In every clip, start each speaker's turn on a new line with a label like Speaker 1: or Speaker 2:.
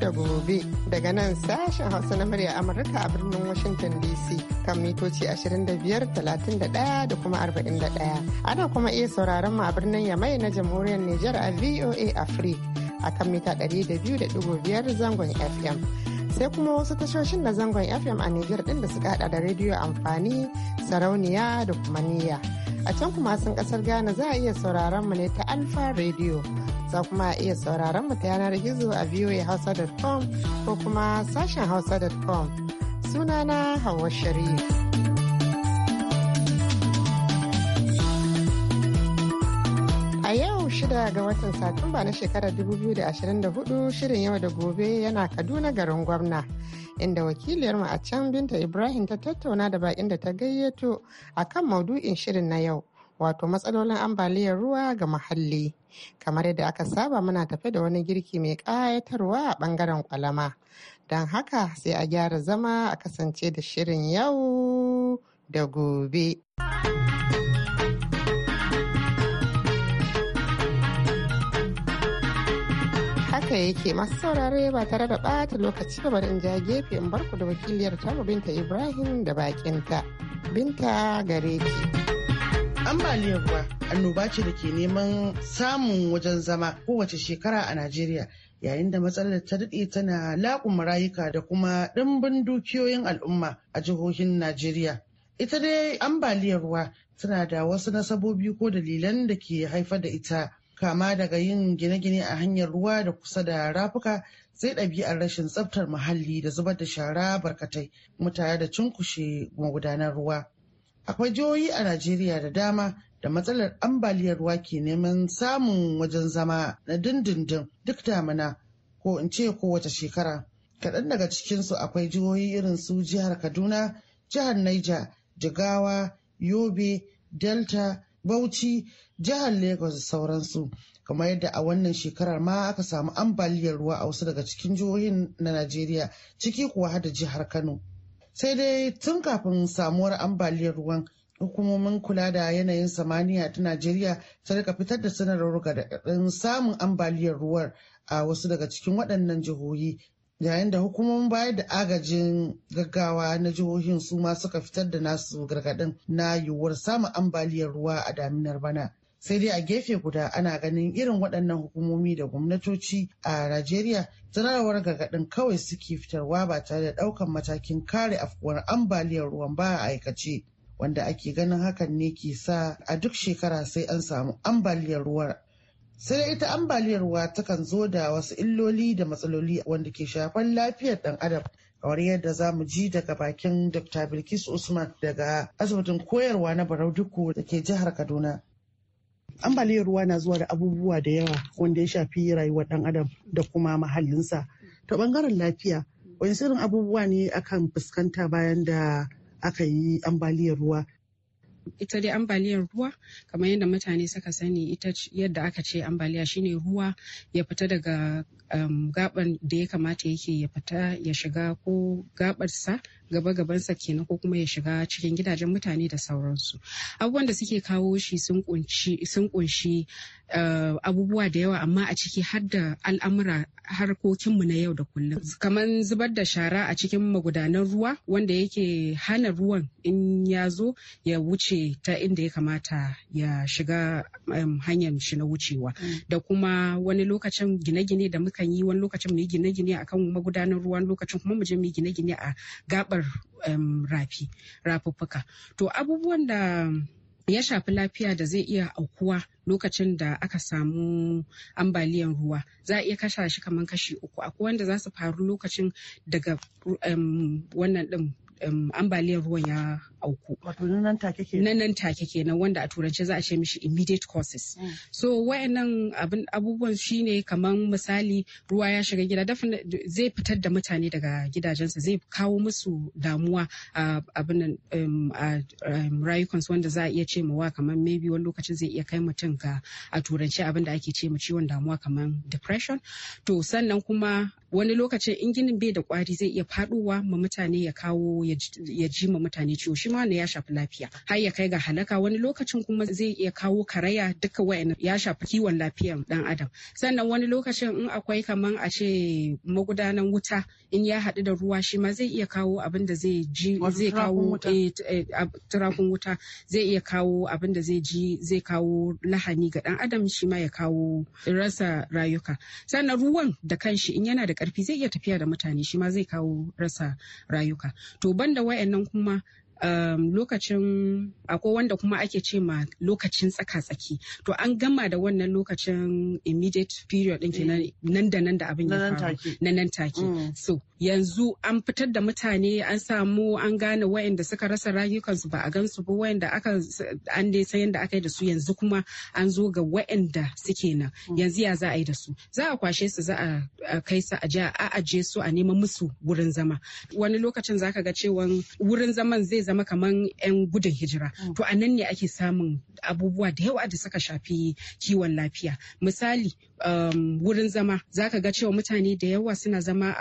Speaker 1: da gobe daga nan sashen hausa na murya amurka a birnin washington dc kan mitoci 25 31 da kuma 41 ana kuma iya sauraron mu a birnin yamai na jamhuriyar Niger a voa africa a kan mita 200.5 zangon fm sai kuma wasu tashoshin na zangon fm a Niger din da suka hada da rediyo amfani sarauniya da kuma niyya a can kuma sun kasar Ghana za a iya sauraron mu ne ta Alfa Radio. Za kuma iya sauraron mu ta yanar gizo a voahausa.com ko kuma sashen hausa.com. Sunana Hauwa Sharif. A yau shida ga watan Satumba na shekarar 2024 shirin yau da gobe yana Kaduna garin gwamna. inda wakiliyarmu a can Binta Ibrahim ta tattauna da baƙin da ta gayyato a kan maudu'in shirin na yau. wato matsalolin ambaliyar ruwa ga muhalli kamar yadda aka saba muna tafe da wani girki mai ƙayatarwa a ɓangaren kwalama don haka sai a gyara zama a kasance da shirin yau da gobe. haka yake masu saurare ba tare da ɓata lokaci ba bari in ja gefe in barku da wakiliyar tamu binta Ibrahim da bakinta. Binta gare ki. Ambaliyar ruwa annoba ce da ke neman samun wajen
Speaker 2: zama kowace shekara a Najeriya. yayin da matsalar ta daɗe tana laƙuma marayuka da kuma ɗimbin dukiyoyin al'umma a jihohin Najeriya. Ita dai ambaliyar ruwa tana da wasu nasabobi ko dalilan da ke haifar da ita kama daga yin gine-gine a hanyar ruwa da kusa da rafuka sai ɗabi'ar rashin tsaftar muhalli da zubar da shara barkatai mutane da cunkushe magudanar ruwa. Akwai jihohi a Najeriya da dama da matsalar ambaliyar ruwa ke neman samun wajen zama na dindindin duk damina ko in ce kowace shekara. Kaɗan daga cikinsu akwai jihohi irin su jihar Kaduna, jihar Niger, Jigawa, Yobe, Delta, Bauchi jihar Lagos da sauransu. Kamar yadda a wannan shekarar ma aka samu ambaliyar ruwa a wasu daga cikin jihohin na Najeriya ciki kuwa hada jihar Kano. Sai dai tun kafin samuwar ambaliyar ruwan hukumomin kula da yanayin samaniya ta Najeriya ta rika fitar da sanarwar gargaɗin samun ambaliyar ruwar a wasu daga cikin waɗannan jihohi yayin da hukumomin bayar da agajin gaggawa na jihohin su ma suka fitar da nasu gargaɗin na yiwuwar samun ambaliyar ruwa a daminar bana. sai dai a gefe guda ana ganin irin waɗannan hukumomi da gwamnatoci a najeriya sanarwar gargaɗin kawai suke fitarwa ba tare da ɗaukan matakin kare afkuwar ambaliyar ruwan ba a aikace wanda ake ganin hakan ne ke sa a duk shekara sai an samu ambaliyar ruwa sai ita ambaliyar ruwa takan zo da wasu illoli da matsaloli wanda ke shafar lafiyar ɗan adam kamar yadda za mu ji daga bakin dr bilkis usman daga asibitin koyarwa na barau duku da ke jihar kaduna ambaliyar ruwa na zuwa da abubuwa da yawa wanda ya shafi rayuwar dan adam da kuma mahallinsa ta bangaren lafiya wani sirrin abubuwa ne akan fuskanta bayan da aka yi ambaliyar ruwa
Speaker 3: ita dai ambaliyar ruwa kamar yadda mutane suka sani ita yadda aka ce ambaliya shine ruwa ya fita daga um, gaban da ya kamata yake ya fita ya shiga ko gabarsa gaba gabansa kenan ko kuma ya shiga cikin gidajen mutane da sauransu abubuwan da suke kawo shi sun kunshi uh, abubuwa da yawa amma a ciki har da al'amura harkokinmu na yau da kullum kamar zubar da shara a cikin magudanan ruwa wanda yake hana ruwan in ya zo ya wuce ta inda ya kamata ya shiga um, hanyar shi na wucewa mm. da kuma wani lokacin gine-gine da muka mukan yi wani lokacin mu yi gine-gine akan magudanar ruwan lokacin kuma mu je mu yi gine-gine a gabar rafi rafuffuka to abubuwan da ya shafi lafiya da zai iya aukuwa lokacin da aka samu ambaliyan ruwa za a iya kasha shi kamar kashi uku akwai wanda za su faru lokacin daga wannan din ambaliyan ruwan ya auku wato nan take kenan nan take kenan wanda a turance za a ce mishi immediate causes mm. so wayannan abin abubuwan shine kamar misali ruwa ya shiga gida zai fitar da mutane daga gidajensu zai kawo musu damuwa a abin um, um, su wanda za a iya ce wa kamar maybe wani lokacin zai iya kai mutum ga a turance abin da ake ce mu ciwon damuwa kamar depression to sannan kuma wani lokacin in ginin bai da kwari zai iya faduwa ma mutane ya kawo ya ji ma mutane ciwo shi ma ya shafi lafiya har ya kai ga halaka wani lokacin kuma zai iya kawo karaya duka wayan ya shafi kiwon lafiyan dan adam sannan wani lokacin in akwai kaman a ce magudanan wuta in ya haɗu da ruwa shi ma zai iya kawo abin da zai ji zai kawo eh, eh, turakun wuta zai iya kawo abin da zai ji zai kawo lahani ga dan adam shi ma ya kawo rasa rayuka sannan ruwan da kanshi in yana da karfi zai iya tafiya da mutane shi ma zai kawo rasa rayuka to banda wayannan kuma um, lokacin akwai wanda kuma ake ce ma lokacin tsaka-tsaki to an gama da wannan lokacin immediate period ɗin nan da nan da abin ya faru na nan take mm. so yanzu an fitar da mutane an samu an gane wayanda suka rasa rayukansu ba a gansu ba wayanda aka an dai sayan da aka yi da su yanzu kuma an zo ga wayanda suke nan mm. yanzu ya za a yi da su za a kwashe su za a kai su a aje su a neman musu wurin zama wani lokacin zaka ga cewa wurin zaman zai zama kamar 'yan gudun hijira mm. to a nan ne ake samun abubuwa da yawa da suka shafi kiwon lafiya misali um, wurin zama za ka ga cewa mutane da yawa suna zama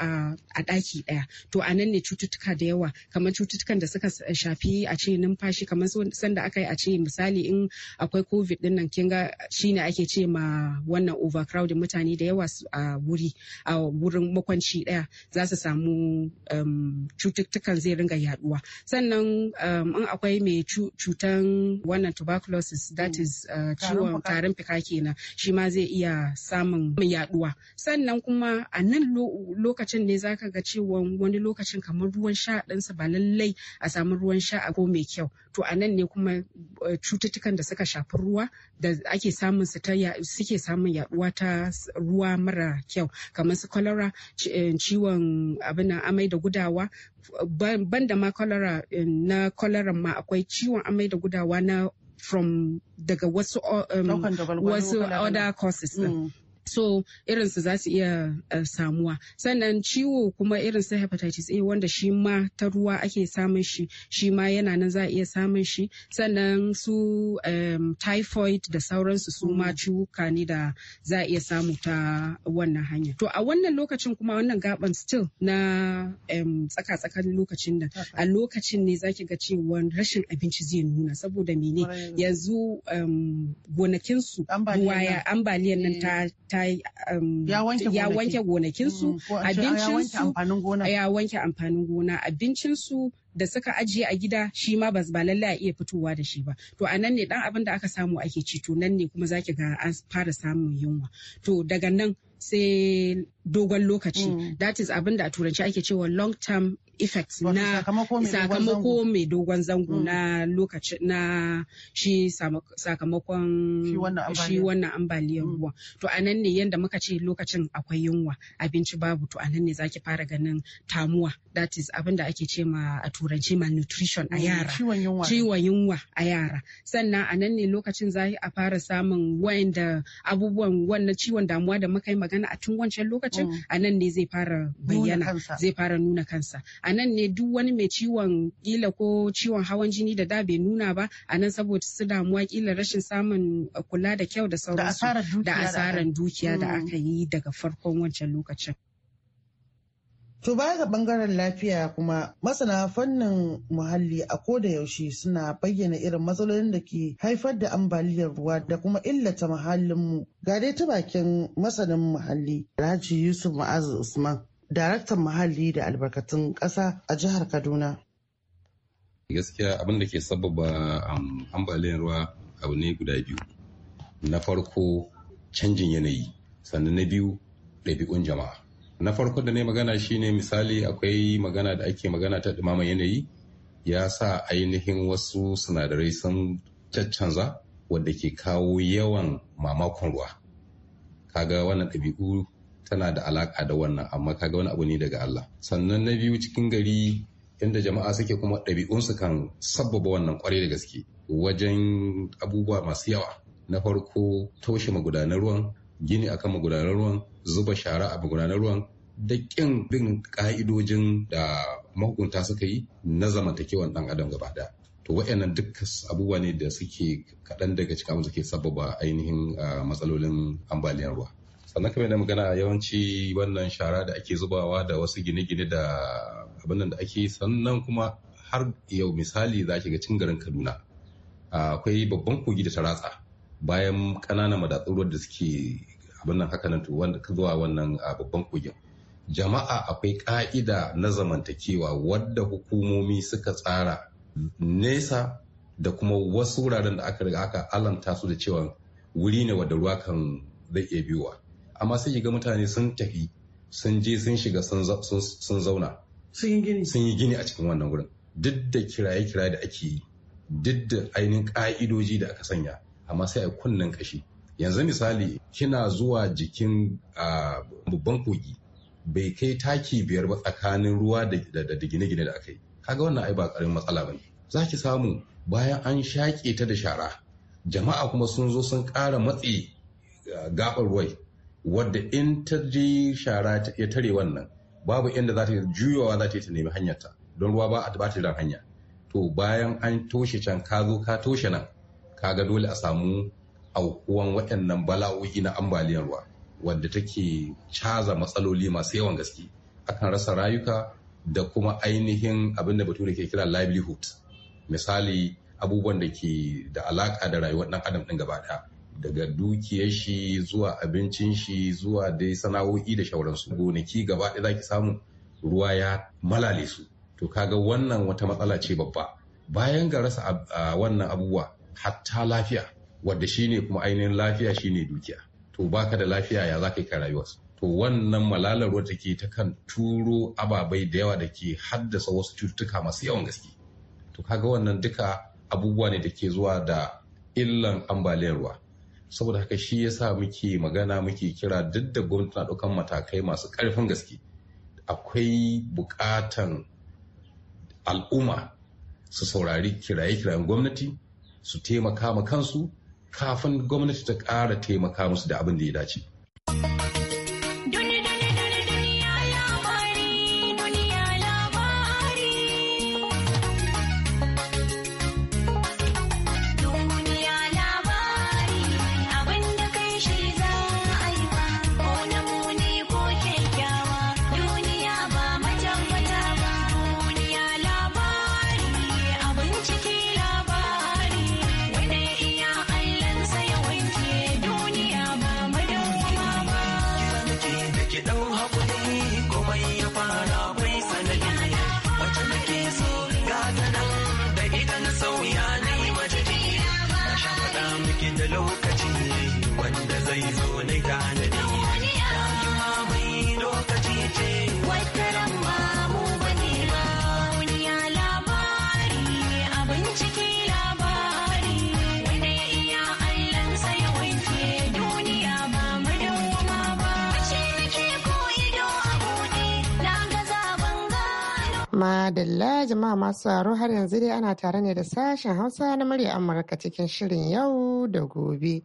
Speaker 3: a ɗaki ɗaya to a nan ne cututtuka da yawa kamar cututtukan da suka shafi a ce numfashi kamar sanda aka yi a ce misali in akwai covid din nan kinga shi ne ake ce ma wannan overcrowding mutane da yawa a wuri a wurin makwanci daya za su samu um, cututtukan zai ringa yaɗuwa sannan Um, in akwai mai cutan wannan tuberculosis that mm. is uh, ciwon tarin fika kenan shi ma zai iya samun yaduwa sannan kuma a nan lokacin ne zaka ga ciwon wani lokacin kamar ruwan sha ɗinsa ba lallai a samu ruwan sha a ko mai kyau to a nan ne kuma uh, cututtukan da suka shafi ruwa da ake samun su ta suke samun yaduwa ta ruwa mara kyau kamar su cholera eh, ciwon abin amai da gudawa banda ma cholera eh, na cholera ma akwai ciwon amai da gudawa na from daga wasu um, wasu other causes so irinsu za su iya eh, samuwa sannan ciwo kuma irin su hepatitis A wanda shi ma ta ruwa ake samun shi shi ma yana nan za a iya samun shi sannan su typhoid da sauransu su ma ciwuka ne da za a iya samu ta wannan hanya to a wannan lokacin kuma wannan gaban still na tsakatsakan tsaka-tsakan lokacin da a lokacin ne zaki ga cewa rashin abinci zai nuna saboda mene yanzu gonakinsu ruwa ambaliyan nan ta eh. ta um, ya wanke gonakinsu mm, abincinsu ya wanke amfanin gona abincinsu da suka ajiye a gida shi ma ba lallai a iya fitowa da shi ba to a nan ne dan abin da aka samu ake ci to nan ne kuma zaki ga an fara samun yunwa to daga nan sai dogon lokaci mm. that is abin da a turanci ake cewa long term effects na sakamako mai dogon zango mm. na lokaci na shi sakamakon shi wannan ambaliyan mm. ruwa to a nan ne yadda muka ce lokacin akwai yunwa abinci babu to a nan ne zaki fara ganin tamuwa that is abin da ake ce ma a turanci ma nutrition a yara ciwon yunwa a yara sannan a nan ne lokacin za a fara samun wayanda abubuwan wannan ciwon damuwa da muka yi magana a tun wancan lokacin mm. a nan ne zai fara bayyana zai fara nuna kansa a nan ne duk wani mai ciwon kila ko ciwon hawan jini da da bai nuna ba a nan saboda su damuwa kila rashin samun kula da kyau da sauransu da asarar dukiya da mm. aka
Speaker 2: yi daga farkon wancan lokacin To baya ga bangaren lafiya kuma masana fannin muhalli a koda yaushe suna bayyana irin matsalolin da ke haifar da ambaliyar ruwa da kuma illata muhallinmu. Ga dai ta bakin masanin muhalli Raji Yusuf Ma'azu Usman, daraktan muhalli da albarkatun ƙasa a jihar Kaduna.
Speaker 4: Gaskiya abin da ke sababa um, ambaliyar ruwa abu ne guda biyu. Na farko canjin yanayi, sannan na biyu ɗabi'un jama'a. na farko da na magana shine misali akwai magana da ake magana ta dumama yanayi ya sa ainihin wasu sinadarai sun caccanza wadda ke kawo yawan mamakon ruwa kaga wannan ɗabi'u tana da alaka da wannan amma kaga wani abu ne daga Allah sannan na biyu cikin gari inda jama'a suke kuma ɗabi'unsu kan sabbaba wannan kwarai da gaske wajen abubuwa masu yawa na farko toshe magudanar ruwan gini akan magudanar ruwan zuba shara a magudanar ruwan da bin ka'idojin da mahukunta suka yi na zamantakewan ɗan adam gaba da to wa'annan duk abubuwa ne da suke kaɗan daga cikin abin suke sababa ainihin matsalolin ambaliyar ruwa sannan kamar da magana yawanci wannan shara da ake zubawa da wasu gine-gine da abin da ake sannan kuma har yau misali za ga cin garin kaduna akwai babban kogi da ta ratsa bayan ƙananan madatsun ruwa da suke abin nan haka zuwa wannan babban kogin jama'a akwai ka'ida na zamantakewa wadda hukumomi suka tsara nesa da kuma wasu wuraren da aka riga aka alamta su da cewa wuri ne wadda ruwa kan zai iya biyowa amma sai ga mutane sun tafi sun je sun shiga sun zauna sun yi gini a cikin wannan wurin duk da kiraye-kiraye da ake yi duk da ainihin ka'idoji da aka sanya amma sai a kunnen kashi yanzu misali kina zuwa jikin babban kogi bai kai taki biyar ba tsakanin ruwa da gine-gine da aka yi kaga wannan ai ba karamin matsala bane za ki samu bayan an shaƙe ta da shara jama'a kuma sun zo sun ƙara matsi gaɓar ruwai wadda in ta je shara ya tare wannan babu inda za ta juyowa za ta yi ta nemi hanyarta don ruwa ba a tare hanya to bayan an toshe can ka zo ka toshe nan kaga dole a samu aukuwan waɗannan bala'o'i na ambaliyar ruwa wadda take caza matsaloli masu yawan gaske akan rasa rayuka da kuma ainihin abin da bature ke kira livelihood misali abubuwan da ke da alaka da rayuwar ɗan adam ɗin gaba ɗaya daga dukiyar shi zuwa abincin shi zuwa dai sana'o'i da shauransu gonaki gaba ɗaya zaki samu ruwa ya malale su to kaga wannan wata matsala ce babba bayan ga rasa wannan abubuwa hatta lafiya wadda shine kuma ainihin lafiya shine dukiya to baka da lafiya ya za ka yi rayuwarsu to wannan malalar wata ke ta kan turo ababai da yawa da ke haddasa wasu cututtuka masu yawan gaske to kaga wannan duka abubuwa ne da ke zuwa da illan ambaliyar ruwa saboda haka shi yasa muke magana muke kira duk da gwamnati na ɗaukan matakai masu ƙarfin gaske akwai buƙatan al'umma su saurari kiraye-kirayen gwamnati su taimaka ma kansu kafin gwamnati ta ƙara taimaka musu da abin da ya dace.
Speaker 5: wanda zai zo ne
Speaker 1: Madalla jama'a masu tsaro har yanzu dai ana tare ne da sashen Hausa na murya Amurka cikin shirin yau da gobe.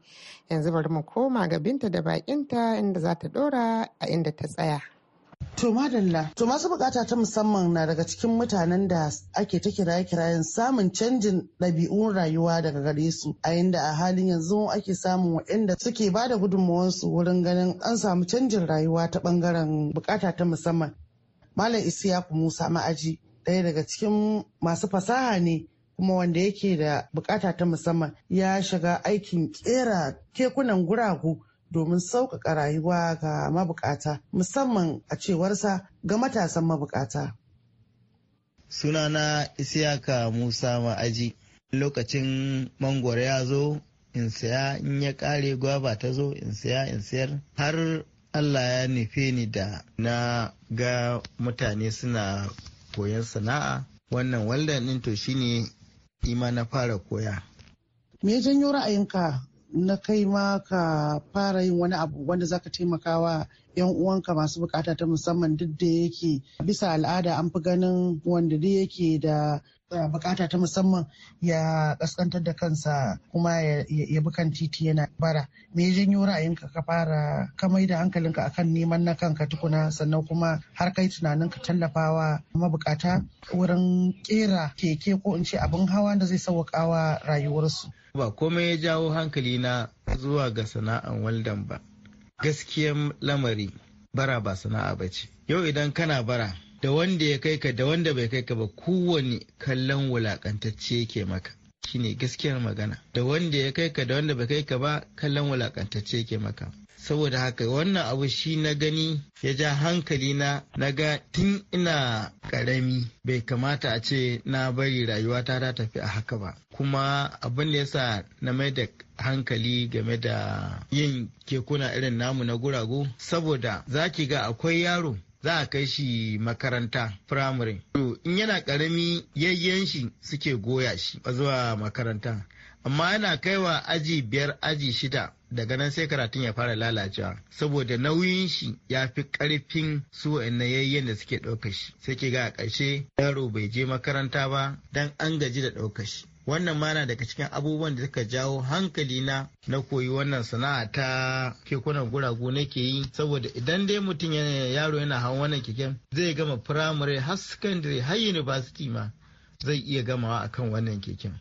Speaker 1: Yanzu bari mu koma ga binta da bakinta inda za ta dora a inda ta tsaya. To madalla, to masu bukata ta musamman
Speaker 2: na daga cikin mutanen da ake ta kiraye-kirayen samun canjin ɗabi'un rayuwa daga gare su, a inda a halin yanzu ake samun waɗanda suke ba da gudunmawarsu wurin ganin an samu canjin rayuwa ta ɓangaren bukata ta musamman. Malam Isiyaku Musa Ma'aji ɗaya daga cikin masu fasaha ne kuma wanda yake da bukata ta musamman ya shiga aikin kera kekunan guragu domin sauƙaƙa rayuwa ga mabukata musamman a cewarsa ga matasan mabukata.
Speaker 6: Sunana Isiyaka Musa Ma'aji lokacin mangwaro ya zo in saya in ya kare gwaba ta zo in saya in sayar har allah ya nufe ni da na ga mutane suna koyon sana'a wannan waldan ɗin to shine ima na fara koya
Speaker 2: me janyo ra'ayinka na kai ma ka fara yin wani abu wanda zaka wa yan uwanka masu bukata ta musamman duk da yake bisa al'ada an fi ganin wanda duk yake da Eh, bukata ta musamman ya kaskantar da kansa kuma ya bi kan titi yana bara me ya janyo ra'ayinka ka fara ka mai da hankalinka kan neman na kanka tukuna sannan kuma har kai tunanin ka tallafawa mabukata wurin kera keke ko in ce abin hawa da zai wa rayuwarsu
Speaker 6: ba komai ya jawo hankali na zuwa ga sana'an waldan ba gaskiyan lamari bara ba sana'a ba yau idan kana bara da wanda ya kai ka da wanda bai kai ka ba kowane kallon wulakantacce yake maka shine gaskiyar magana da wanda ya kai ka da wanda bai kai ka ba kallon wulakantacce yake maka saboda haka wannan abu shi na gani ya ja hankali na na ga tun ina karami bai kamata a ce na bari rayuwa ta tafi a haka ba kuma abin da yasa na mai da hankali game da yin kekuna irin namu na guragu. saboda zaki ga akwai yaro za a kai shi makaranta firamare. To in yana ƙarami yayyen shi suke goya shi zuwa makaranta. Amma yana kaiwa aji biyar aji shida daga nan sai karatun ya fara lalacewa saboda nauyin shi ya fi karfin su na yayyen da suke ɗauka shi sai ke ga a ƙarshe yaro bai je makaranta ba dan an gaji da ɗauka shi wannan ma na daga cikin abubuwan da suka jawo hankali na na koyi wannan sana'a ta kekunan guragu nake yi saboda idan dai mutum yana yaro yana hawan wannan keken zai gama firamare har secondary har university ma zai iya gamawa akan wannan keken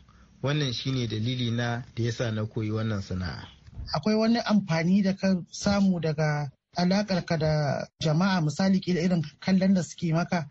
Speaker 6: wannan shine dalili na da yasa na koyi wannan sana'a
Speaker 2: akwai wani amfani da ka samu daga alakar ka da jama'a misali kila irin kallon da suke maka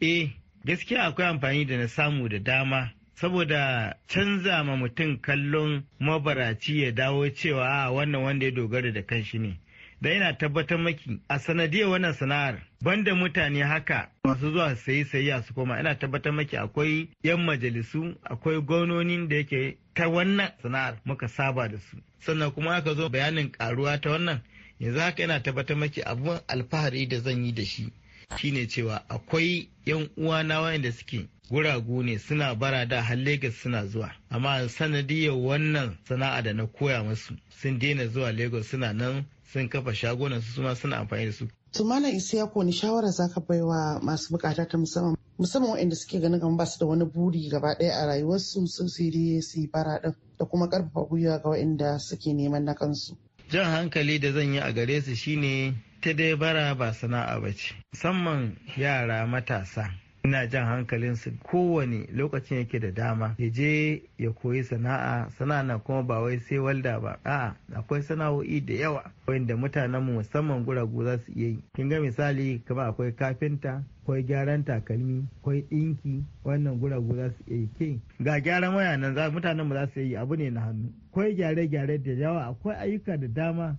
Speaker 7: eh
Speaker 6: gaskiya akwai amfani da na samu da dama saboda canza ma mutum kallon mabaraci ya dawo cewa a ah, wannan wanda ya dogara da kanshi ne da yana tabbatar maki a sanadiyar wannan sana'ar banda mutane haka masu zuwa sayi sayayya su koma ina tabbatar maki akwai yan majalisu akwai gwanonin da yake ta wannan sana'ar muka saba da su sannan kuma aka zo bayanin karuwa ta wannan yanzu haka yana tabbatar maki abun alfahari da zan yi da shi shine cewa akwai 'yan uwa uwana wayanda suke guragu ne suna bara da har Legas suna zuwa amma sanadiyar wannan sana'a da na koya musu sun daina zuwa Legas suna nan sun kafa shagunan su suma suna amfani da su.
Speaker 2: To Malam Isiyaku wani shawara zaka baiwa masu bukata ta musamman musamman waɗanda suke ganin kamar ba su da wani buri gaba ɗaya a rayuwarsu sun siri su yi bara ɗin da kuma karfafa gwiwa ga waɗanda suke neman na kansu.
Speaker 6: Jan hankali da zan yi a gare su shine ita dai bara ba sana'a ba ce musamman yara matasa ina jan hankalinsu kowane lokacin yake da dama ya je ya koyi sana'a sana'a kuma ba wai sai walda ba a'a akwai sana'o'i da yawa wanda mutanen mu musamman guragu za su iya yi kin ga misali kamar akwai kafinta akwai gyaran takalmi akwai ɗinki wannan guragu za su iya yi ke ga gyaran waya nan mutanen mu za su iya yi abu ne na hannu akwai gyare-gyare da yawa akwai ayyuka da dama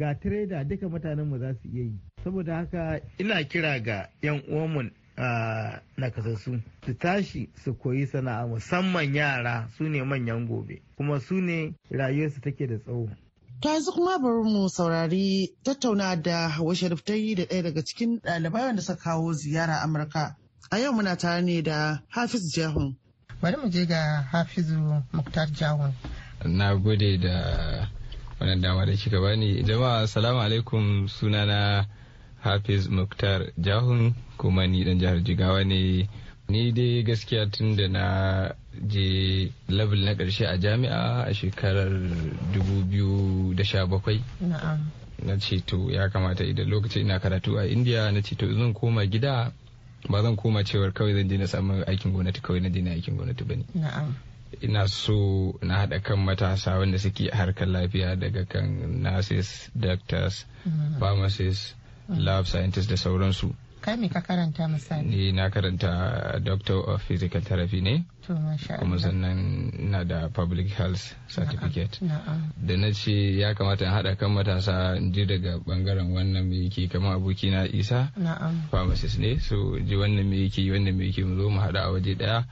Speaker 6: ga tireda duka mutanen mu za su iya yi saboda haka ina kira ga yan uwanmu na kasassu su tashi su koyi sana'a musamman yara su ne manyan gobe kuma su ne rayuwarsu take da tsawo
Speaker 2: Ta yanzu kuma bari mu saurari tattauna da Hawa Sharif yi da ɗaya daga cikin ɗalibai wanda suka kawo ziyara Amurka. A yau muna tare ne da Hafiz Jahun.
Speaker 1: Bari mu je ga Hafizu Muktar Jahun.
Speaker 7: Na gode da wannan dama da kika bani jama'a assalamu alaikum sunana hafiz muktar jahun kuma ni dan jihar jigawa ne ni dai gaskiya tun da na je level na karshe a jami'a a shekarar 2017 na ce to ya kamata idan lokacin ina karatu a indiya na ce to zan koma gida ba zan koma cewar kawai zan je na samu aikin gwamnati kawai na je na aikin gwamnati ba ne ina so na haɗa kan matasa wanda suke harkar lafiya daga kan nurses doctors mm-hmm. pharmacists mm-hmm. lab scientists da sauransu
Speaker 1: kai me ka karanta misali
Speaker 7: ni na karanta doctor of physical therapy ne kuma sannan na da public health certificate da na ce ya kamata in haɗa kan matasa ji daga bangaren wannan mai yake kama aboki na isa pharmacist ne so ji wannan mai yake wannan mai yake mu zo mu haɗa a waje ɗaya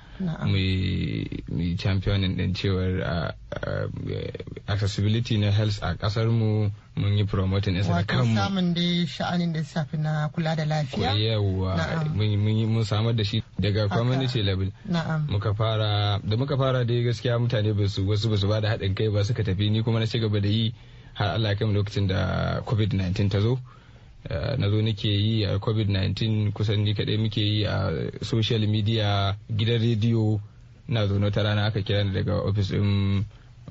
Speaker 7: mai championing din cewar eh, accessibility na health a kasar mu mun yi promoting isa da kanmu. samun
Speaker 1: dai sha'anin da safi na kula da lafiya.
Speaker 7: Yawwa mun samar da shi daga community level muka fara da muka fara dai gaskiya mutane ba su wasu ba da bada haɗin kai ba suka tafi ni kuma na ci gaba da yi har Allah kai lokacin da covid-19 ta zo eh, na zo nake yi a covid-19 kusan ni kaɗai muke yi a social media gidan rediyo na zo na rana aka kira ni daga ofis ɗin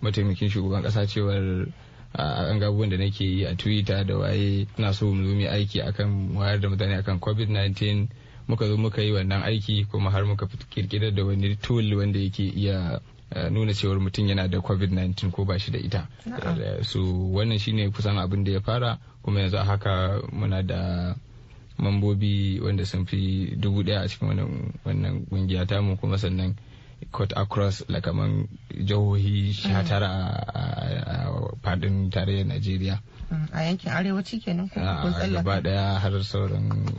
Speaker 7: mataimakin shugaban ƙasa cewar an ga da nake yi a twitter da waye na so mu zo mu aiki akan wayar da mutane akan covid-19 muka zo muka yi wannan aiki kuma har muka kirkirar da wani tool wanda yake iya eh, nuna cewar mutum yana da covid-19 ko ba shi da ita su eh, so wannan shine kusan abin da ya fara kuma yanzu haka muna da mambobi wanda sun fi dubu daya a cikin wannan kungiya tamu kuma sannan cut across la kaman jihohi sha mm. tara a fadin tarayyar najeriya
Speaker 1: mm, a yankin arewaci kenan ko gaba daya har
Speaker 7: sauran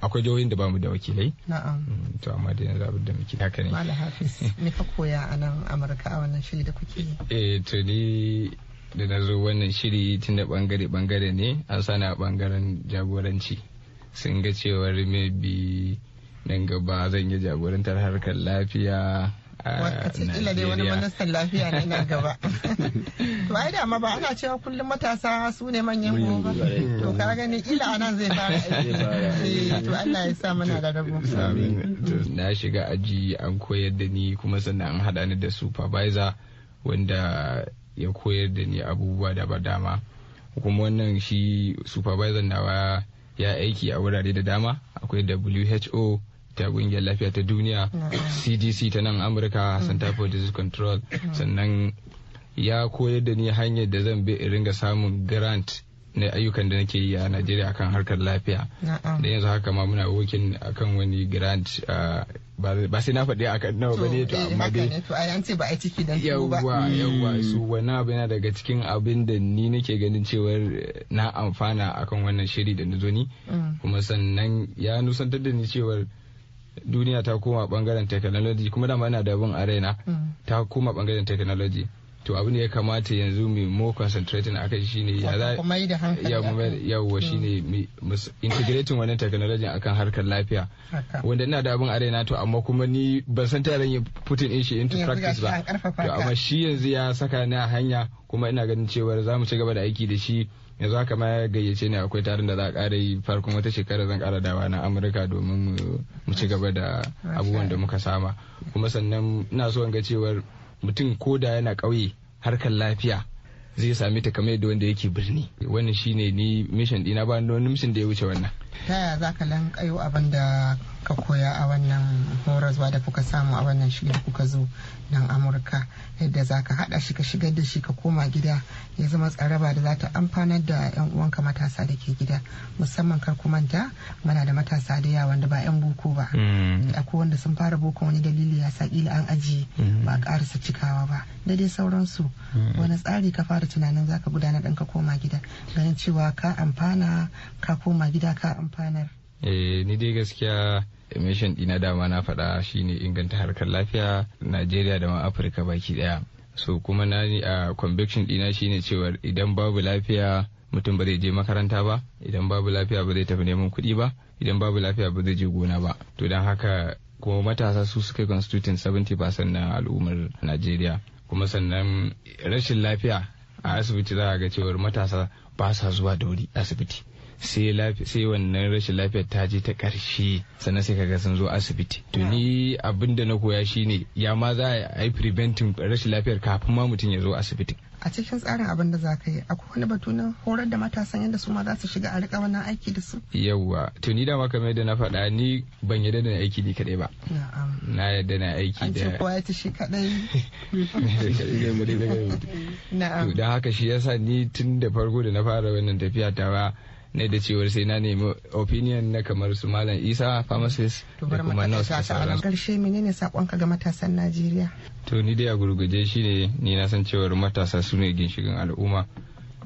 Speaker 7: akwai jihohin da bamu da wakilai na'am mm, to amma da yanzu abin da muke haka ne mala hafiz
Speaker 1: me ka koya a nan amurka a wannan shiri da kuke
Speaker 7: eh to ni da na zo wannan shiri tun da bangare bangare ne an sani a bangaren jagoranci sun ga cewar maybe nan gaba zan yi jagorantar harkar lafiya illa dai wani ministan
Speaker 6: lafiya ne nan gaba
Speaker 1: to ai da ma ba ana cewa kullum matasa su ne manyan gobe to ka gani illa anan zai fara aiki eh, to Allah ya sa mana da rabu
Speaker 7: mm. na shiga aji an koyar da ni kuma sannan an hada ni da supervisor wanda ya koyar da ni abubuwa da ba dama kuma wannan shi supervisor nawa ya aiki a wurare da dama akwai WHO ta kungiyar lafiya ta duniya cdc ta nan amurka center for disease control sannan ya koyar da ni hanyar da zan bi in ringa samun grant na ayyukan da nake yi a najeriya akan harkar lafiya da yanzu haka ma muna wokin akan wani grant ba sai na faɗi akan nawa ba ne to eh, amma dai
Speaker 1: a ce ba a ciki dan yawwa yawwa
Speaker 7: su wani abu yana daga cikin abin da ni nake ganin cewar eh, na amfana akan wannan shiri da na zo ni mm. kuma sannan ya nusantar da ni cewar duniya ta koma bangaren technology kuma da ina da bin arena mm. ta koma bangaren technology to abin da ya kamata yanzu mu mo concentrating a shine ya za ya yawa mm. shine integrating wannan technology akan harkar lafiya wanda ina da abin arena to amma kuma ni ban san ta ran putin in shi into practice ba to amma shi yanzu ya saka ni a hanya kuma ina ganin cewa za mu ci gaba da aiki da shi yanzu haka ma gayyace ni akwai tarin da za a ƙara yi farkon wata shekara zan ƙara dawa na amurka domin mu ci gaba da abubuwan da muka sama kuma sannan ina so in ga cewar mutum ko da yana ƙauye harkar lafiya zai sami ta kamar yadda wanda yake birni wannan shine ni mission dina ba wani mission da ya wuce wannan
Speaker 1: ta yaya za ka lankayo abin da ka koya a wannan zuwa da kuka samu a wannan shiga da kuka zo nan amurka yadda za ka haɗa shi ka shigar da shi ka koma gida ya zama tsaraba da za ta amfanar da 'yan uwanka matasa da ke gida musamman kar ku manta muna da matasa da yawa wanda ba 'yan boko ba mm. akwai wanda sun fara boko wani dalili ya sa kila an aji mm. ba karasa cikawa ba da dai sauransu mm. wani tsari ka fara tunanin zaka ka gudanar ɗan ka koma gida ganin cewa ka amfana ka koma gida ka amfanar.
Speaker 7: Eh, ni dai gaskiya mission ɗina dama na faɗa shine inganta harkar lafiya najeriya da ma afirka baki ɗaya so kuma na a conviction ɗina shine cewa idan babu lafiya mutum ba zai je makaranta ba idan babu lafiya ba zai tafi neman kuɗi ba idan babu lafiya ba zai je gona ba to don haka kuma matasa su suka constitute 70% na al'ummar najeriya kuma sannan rashin lafiya a asibiti za a ga cewar matasa ba sa zuwa da wuri asibiti sai wannan rashin lafiyar ta je ta karshe sannan sai kaga sun zo asibiti to ni abin da na koya shine ya ma za a yi preventing rashin lafiyar kafin ma mutum ya zo asibiti
Speaker 1: a cikin tsarin abin da za ka yi akwai wani batu na horar da matasan yadda su ma za su shiga a rika wannan aiki da su
Speaker 7: yawwa to ni dama kamar yadda na faɗa ni ban yadda da aiki ni kaɗai ba na yadda na aiki da an ce kowa ya shi kaɗai. na'am to haka shi yasa ni tun da farko da na fara wannan tafiya ta ba ne da cewar sai na nemi opinion na kamar su malam isa pharmacist da kuma nurse da
Speaker 1: karshe menene sakonka ga matasan najeriya
Speaker 7: to ni dai a gurguje shine ni na san cewar matasa su ne ginshigin al'umma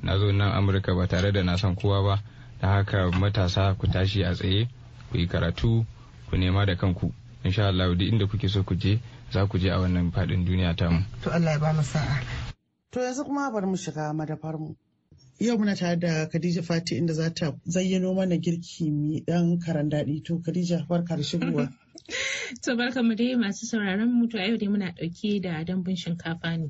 Speaker 7: na zo nan amurka ba tare da na san kowa ba da haka matasa ku tashi a tsaye ku yi karatu ku nema da kanku insha Allah duk inda kuke so ku je za ku je a wannan fadin duniya tamu
Speaker 1: to Allah ya ba mu sa'a
Speaker 2: to yanzu kuma bari mu shiga madafar mu Yau muna tare da Khadija Fati inda za ta zayyano mana girki mai dan karan daɗi. To Khadija barka da shigowa.
Speaker 8: To barka mu dai masu sauraron mu to yau dai muna ɗauke da dambun shinkafa ne.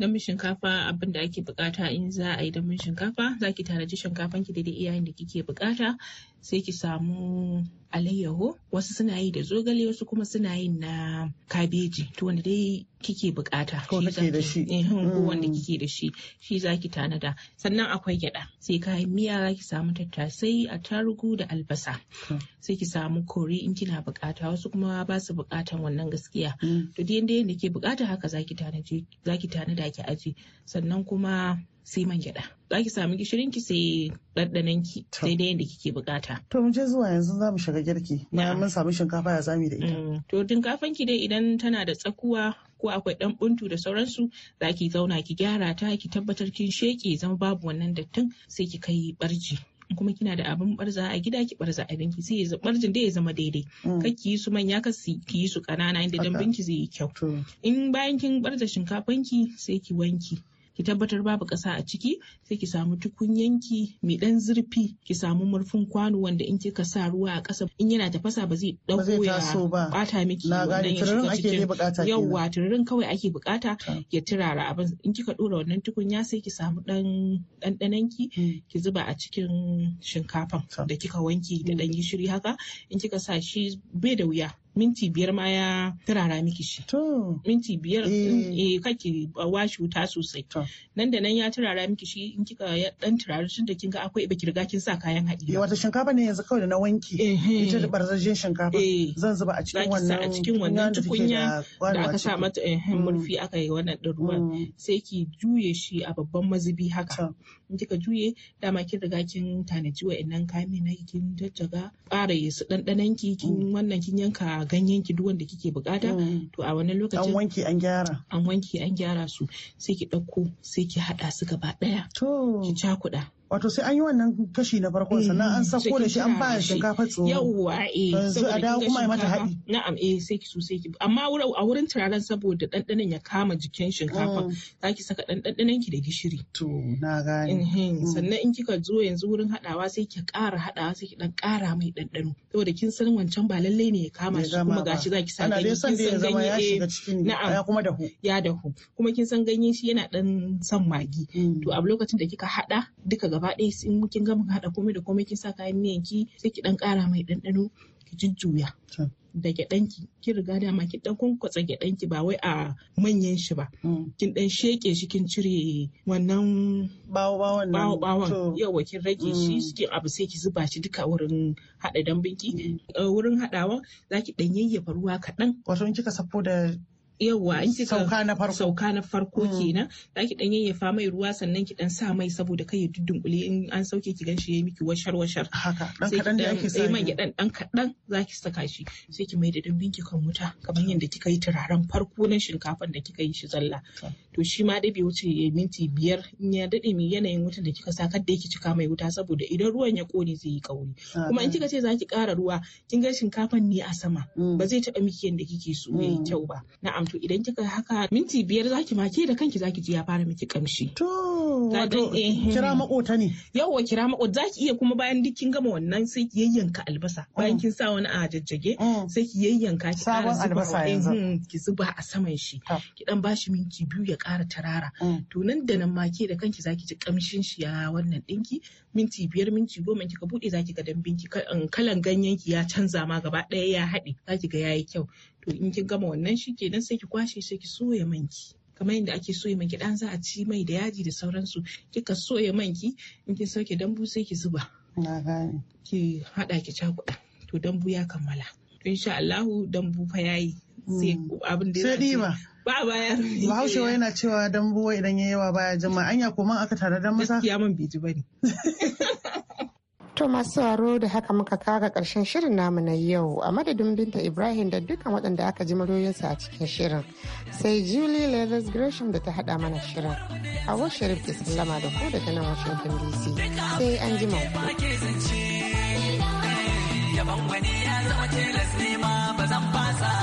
Speaker 8: Dambun shinkafa abinda ake bukata in za a yi dambun shinkafa za ki tanaji shinkafan ki daidai iyayen da kike bukata sai ki samu alayyaho wasu suna yi da zogale wasu kuma suna yi na kabeji to wanda dai kike bukata ko kike da shi eh, mm. wanda kike da shi shi zaki tanada sannan akwai gyada sai kayan miya ki samu tattasai a tarugu da albasa hmm. sai ki samu kori in kina bukata wasu kuma ba su bukatan wannan gaskiya hmm. to dai inda ke bukata haka zaki tanaje tanada ki aji sannan kuma sai man gyada. Za ki samu gishirin ki sai ɗanɗanon ki sai dai yadda kike bukata.
Speaker 2: To mun je zuwa yanzu za mu shiga girki. Na mun samu shinkafa ya zami da ita. Mm.
Speaker 8: To shinkafan ki dai idan tana da tsakuwa ko akwai ɗan buntu da sauransu za ki zauna ki gyara ta ki tabbatar kin sheƙe zama babu wannan dattin sai ki kai barji. kuma kina da abin barza a gida ki barza abin Sai sai barjin da ya zama daidai mm. kar ki yi su manya kar ki yi su kanana inda dambin zai yi kyau in bayan kin barza shinkafan ki sai ki wanki ki tabbatar babu ƙasa a ciki sai ki samu tukunyanki mai ɗan zurfi ki samu murfin kwano wanda in kika sa ruwa a ƙasa in yana tafasa ba zai ɗauko ya ɓata miki wannan ya shiga cikin yawwa tururin kawai ake buƙata ya turara abin in kika ɗora wannan tukunya sai ki samu ɗan ɗanɗananki hmm. ki zuba a cikin shinkafan da kika wanke da hmm. ɗan gishiri haka in kika sa shi bai da wuya minti biyar ma ya turara miki shi. Minti biyar e kake washi wuta sosai. Nan da nan ya turara miki shi in kika ya dan turara tun da kinga akwai baki riga kin sa kayan haɗi.
Speaker 2: Ya eh, wata shinkafa ne yanzu kawai da na wanki. Ita da barzajin shinkafa. Zan zuba a cikin wannan. a cikin wannan tukunya da aka sa mata
Speaker 8: mm. murfi aka yi wannan ɗin ruwan. Mm. Sai ki juye shi a babban mazubi haka. In kika juye dama kin riga kin tanaji wa'annan kayan na kin jajjaga. Ƙara su ki kin mm. wannan kin yanka ganyen ki wanda kike bukata mm. to a wannan lokacin an wanki an gyara an wanki an gyara su sai ki ɗauko
Speaker 2: sai ki haɗa su gaba ɗaya ki cakuɗa wato sai an yi wannan kashi na farko eh, sannan an sako da shi an ba shinkafa tsoro yawwa eh yanzu a dawo kuma mata haɗi
Speaker 8: na'am eh sai ki so sai ki amma a wurin turaren saboda ɗanɗanon ya kama jikin shinkafa mm. za ki saka ɗanɗanon ki da gishiri
Speaker 2: to na gane mm. sannan
Speaker 8: in kika zo yanzu wurin haɗawa sai ki ƙara haɗawa sai ki ɗan ƙara mai ɗanɗano saboda kin san wancan ba lallai ne ya kama shi kuma gashi za ki sa ganye kin san ganye eh, na'am ya kuma dahu ya dahu kuma kin san ganye shi yana ɗan son magi mm. to a lokacin da kika haɗa duka gaba ɗaya in kin gama haɗa komai da komai kin sa kayan miyan ki sai ki ɗan ƙara mai ɗanɗano ki jujjuya. Da gyaɗanki kin riga da dama kin dan kwankwatsa gyaɗanki ba wai a manyan shi ba. Hmm. Kin dan sheke shi kin cire wannan bawo bawon yawa kin rage hmm. shi kin abu sai ki zuba shi duka wurin haɗa dambinki. Hmm. Eh, wurin haɗawa za ki dan yayyafa ruwa kaɗan.
Speaker 2: Wato in kika safo da
Speaker 8: yawwa an cika sauka na farko sauka na farko hmm. kenan zaki dan yayyafa mai ruwa sannan ki dan sa mai saboda kai ya duddunkule in an sauke ki ganshi yayi miki washar washar haka dan kadan da ake eh, man mai dan dan kadan zaki saka shi sai ki mai da dambin ki kan wuta kamar yadda kika yi turaren farko na shinkafan da kika yi shi zalla to shi ma dai bai wuce minti biyar in ya dade mai yanayin wutan da kika sa kadda da yake cika mai wuta saboda idan ruwan ya kone zai yi kauri kuma in kika ce zaki kara ruwa kin ga shinkafan ne a sama hmm. ba zai taba miki yadda kike so yayi hmm. kyau ba na'am to idan kika haka minti biyar zaki make da kanki zaki ji ya fara miki kamshi to wato eh, eh. kira makota ne yawwa kira makota zaki iya kuma bayan duk kin gama wannan sai ki yayyanka albasa bayan mm. kin sa wani a jajjage mm. sai ki yayyanka ki sabon albasa yanzu eh, hmm, ki zuba a saman shi ki dan bashi minti biyu ya ƙara tarara mm. to nan da nan make da kanki zaki ji kamshin shi ya wannan dinki minti biyar minti goma kika bude zaki ga dambinki um, kalan ganyen ki ya canza ma gaba ɗaya ya haɗe zaki ga yayi kyau to in kin gama wannan shi kenan sai ki kwashe sai ki soya manki kamar yadda ake soya manki dan za a ci mai da yaji da sauransu kika soya manki in kin sauke dambu sai ki zuba na gane ki hada ki cakuda to dambu ya kammala to insha Allah dambu fa yayi sai mm. abin da ya
Speaker 2: ba baya Bahaushe yana cewa dambu idan ya yawa baya jama'a anya kuma aka tare dan masa gaskiya man bai ji bane
Speaker 1: To masu sauraro da haka muka kaga karshen shirin namu na yau a madadin Binta Ibrahim da dukkan waɗanda aka ji muryoyinsu a cikin shirin. Sai Julie Leathers Gresham da ta haɗa mana shirin. Hawa Sharif ke sallama da ku daga nan Washington DC. Sai an ji
Speaker 5: Yaban